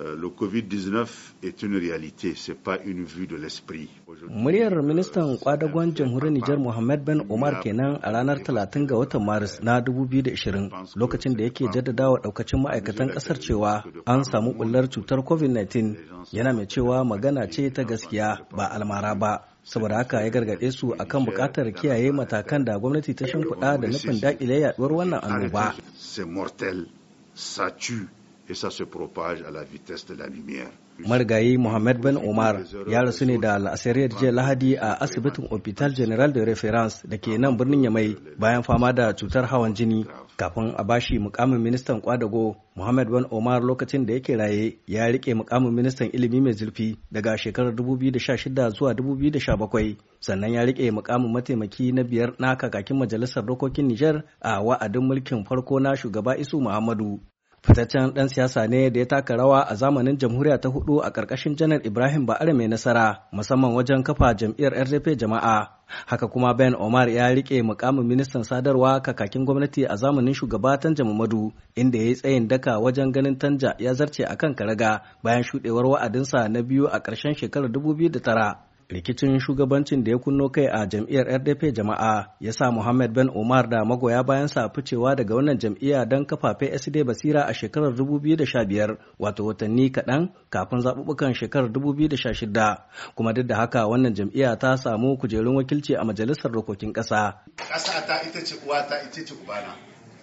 Euh, le Covid-19 est une réalité, ce n'est pas une vue de l'esprit. Muryar euh, ministan kwadagon jamhuriyar Nijar Mohammed Ben Omar kenan a ranar 30 ga watan Maris na 2020 lokacin da yake jaddadawa daukacin ma'aikatan kasar cewa an samu bullar cutar COVID-19 yana mai cewa magana ce ta gaskiya ba almara ba. saboda haka ya gargaɗe su a kan buƙatar kiyaye matakan da gwamnati ta shimfiɗa da nufin daƙile yaɗuwar wannan annoba. et ça se propage à la vitesse de la lumière. Mohamed Ben Omar ya rasu ne da al'asariyar jiya Lahadi a asibitin Hopital General de Reference da ke nan birnin Yamai bayan fama da cutar hawan jini kafin a bashi mukamin ministan kwadago Mohamed Ben Omar lokacin da yake raye ya rike mukamin ministan ilimi mai zurfi daga shekarar 2016 zuwa 2017 sannan ya rike mukamin mataimaki na biyar na kakakin majalisar dokokin niger a wa'adin mulkin farko na shugaba Isu Muhammadu fitaccen ɗan siyasa ne da ya taka rawa a zamanin jamhuriya ta hudu a ƙarƙashin janar ibrahim ba'ar mai nasara musamman wajen kafa jam'iyyar rdp jama'a haka kuma ben omar ya rike mukamin ministan sadarwa kakakin gwamnati a zamanin shugaba tanja mamadu inda ya yi tsayin daka wajen ganin tanja ya zarce akan karaga bayan shuɗewar wa'adinsa na biyu a ƙarshen shekarar 2009 rikicin shugabancin da ya kunno kai a jam'iyyar rdp jama'a ya sa muhammad ben umar da magoya bayan sa ficewa daga wannan jam'iyya don kafa psd basira a shekarar 2015 wato watanni kaɗan kafin zaɓuɓɓukan shekarar 2016 kuma duk da haka wannan jam'iyya ta samu kujerun wakilci a majalisar dokokin ƙasa ƙasa ta ita ce uwata ita ce ubana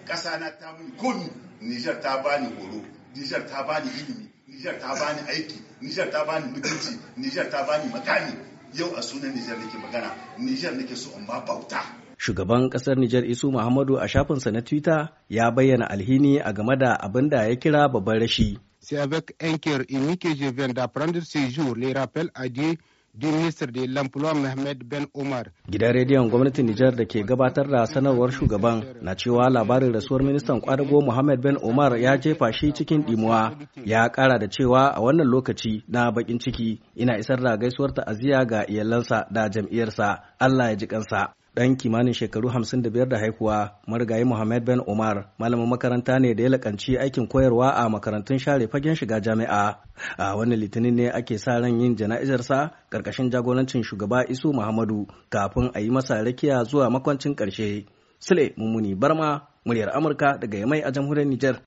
ƙasa na ta mun komi nijar ta bani horo nijar ta bani ilimi nijar ta bani aiki nijar ta bani mutunci nijar ta bani makami yau a sunan Nijar nake magana Nijar nake so in ba bauta Shugaban kasar Nijar Isu Muhammadu a shafinsa na Twitter ya bayyana alhini a game da abin da ya kira babban rashi. C'est avec un cœur unique je viens d'apprendre ce jour les rappels à Dieu du ministre de l'emploi Mohamed Ben Omar. Gidan rediyon gwamnatin Nijar da ke gabatar da sanarwar shugaban na cewa labarin rasuwar ministan kwadago Mohamed Ben Omar ya jefa shi cikin dimuwa. Ya kara da cewa a wannan lokaci na bakin ciki ina isar da gaisuwar ta'aziyya ga iyalansa da jam'iyyarsa. Allah ya ji kansa. ɗan kimanin shekaru 55 da haihuwa marigayi Muhammad Ben Umar malamin makaranta ne da ya lakanci aikin koyarwa a makarantun share fagen shiga jami'a. A wannan litinin ne ake sa ran yin jana'izarsa ƙarƙashin jagorancin shugaba Isu Muhammadu kafin a yi masa rakiya zuwa makwancin ƙarshe. Sule Mummuni Barma, muryar Amurka daga Yamai a jamhuriyar Nijar.